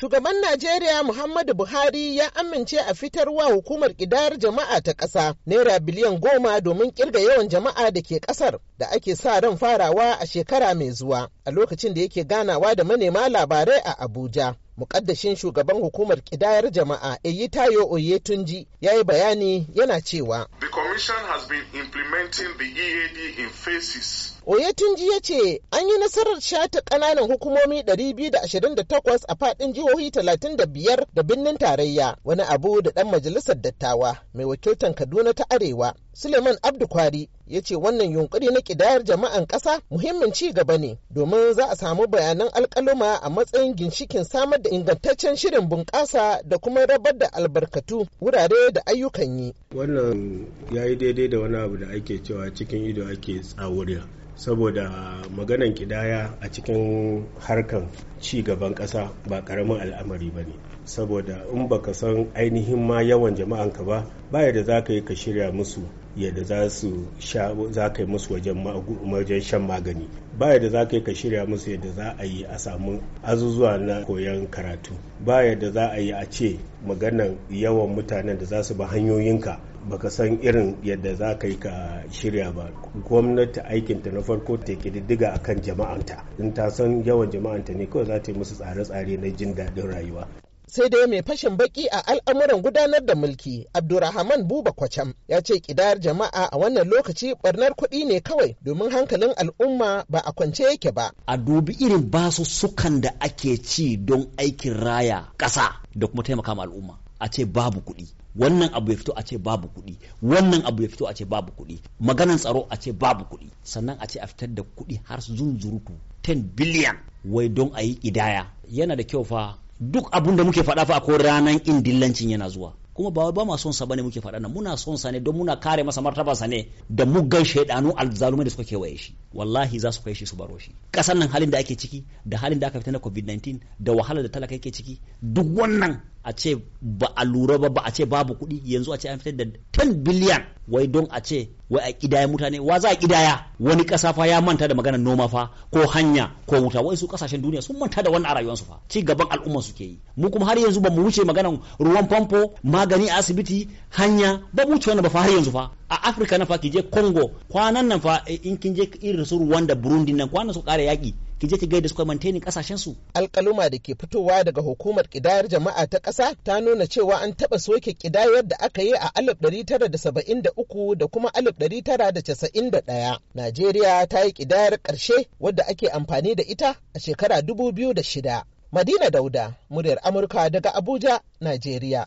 Shugaban Najeriya Muhammadu Buhari ya amince a fitar wa hukumar ƙidayar jama'a ta ƙasa naira biliyan goma domin ƙirga yawan jama'a da ke ƙasar da ake sa ran farawa a shekara mai zuwa a lokacin da yake ganawa da manema labarai a Abuja. mukaddashin shugaban hukumar kidayar jama'a Eyitayo Oyetunji ya yi bayani yana cewa The commission has been implementing the EAD in phases Oyetunji ya ce an yi nasarar shata ƙananan hukumomi 228 a faɗin jihohi 35 da birnin tarayya wani abu da ɗan majalisar dattawa mai wakiltan Kaduna ta Arewa Suleiman Abdukwari. ya ce wannan yunkuri na kidayar jama'an ƙasa muhimmin ci gaba ne domin za a samu bayanan alkaluma a matsayin ginshikin samar da ingantaccen shirin bunƙasa da kuma rabar da albarkatu wurare da ayyukan yi. Wannan ya yi daidai da wani abu da ake cewa cikin ido ake tsawuriya. saboda maganan kidaya a cikin harkan ci gaban ƙasa ba ƙaramin al'amari ba ne saboda in baka san ainihin ma yawan jama'anka ba ba da za ka yi ka shirya musu yadda za su sha za ka yi musu wajen shan magani ba yadda za ka yi ka shirya musu yadda za a yi a samu azuzuwa na koyon karatu ba yadda za a yi a ce maganan yawan mutanen da za su ba hanyoyinka baka san irin yadda za ka yi ka shirya ba gwamnati aikinta na farko ta kididdiga akan jama'anta in ta san yawan jama'anta ne kawai za ta yi musu tsare-tsare na jin daɗin rayuwa sai dai mai fashin baki a al'amuran gudanar da mulki abdurrahman buba kwacham ya ce kidayar jama'a a wannan lokaci barnar kuɗi ne kawai domin hankalin al'umma ba a kwance yake ba a dubi irin basussukan da ake ci don aikin raya ƙasa da kuma taimaka ma al'umma a ce babu kuɗi wannan abu ya fito a ce babu kuɗi wannan abu ya fito a ce babu kuɗi maganan tsaro a ce babu kuɗi sannan a ce a fitar da kuɗi har zunzurutu 10 biliyan wai don a yi ƙidaya yana da kyau fa duk abun da muke faɗa fa ko ranan in dillancin yana zuwa kuma ba ba ma son sa bane muke faɗa nan muna son sa ne don muna kare masa martaba sa ne da mugan shaydanu alzalumai da suka kewaye shi wallahi za su kai shi su baro shi kasan nan halin da ake ciki da halin da aka fita na covid-19 da wahala da talaka yake ciki duk wannan a ce ba a lura ba ba a ce babu kuɗi yanzu a ce an fitar da 10 biliyan wai don a ce wai a kidaya mutane wa za a kidaya wani ƙasa fa ya manta da maganar noma fa ko hanya ko wuta wai su ƙasashen duniya sun manta da wannan a rayuwarsu fa ci gaban al'umma ke yi mu kuma har yanzu ba mu wuce maganar ruwan famfo magani a asibiti hanya ba mu wuce wannan ba fa har yanzu fa a Afirka na fa ki je Congo kwanan nan fa eh, in kin je irin su Rwanda Burundi nan kwanan su ƙara yaƙi ki je ki gaida su maintain kasashen su alkaluma da ke fitowa daga hukumar kidayar jama'a ta ƙasa ta nuna cewa an taɓa soke kidayar da aka yi a 1973 da kuma 1991 Najeriya ta yi kidayar ƙarshe wadda ake amfani da ita a shekara 2006 Madina Dauda, muryar Amurka daga Abuja, Najeriya.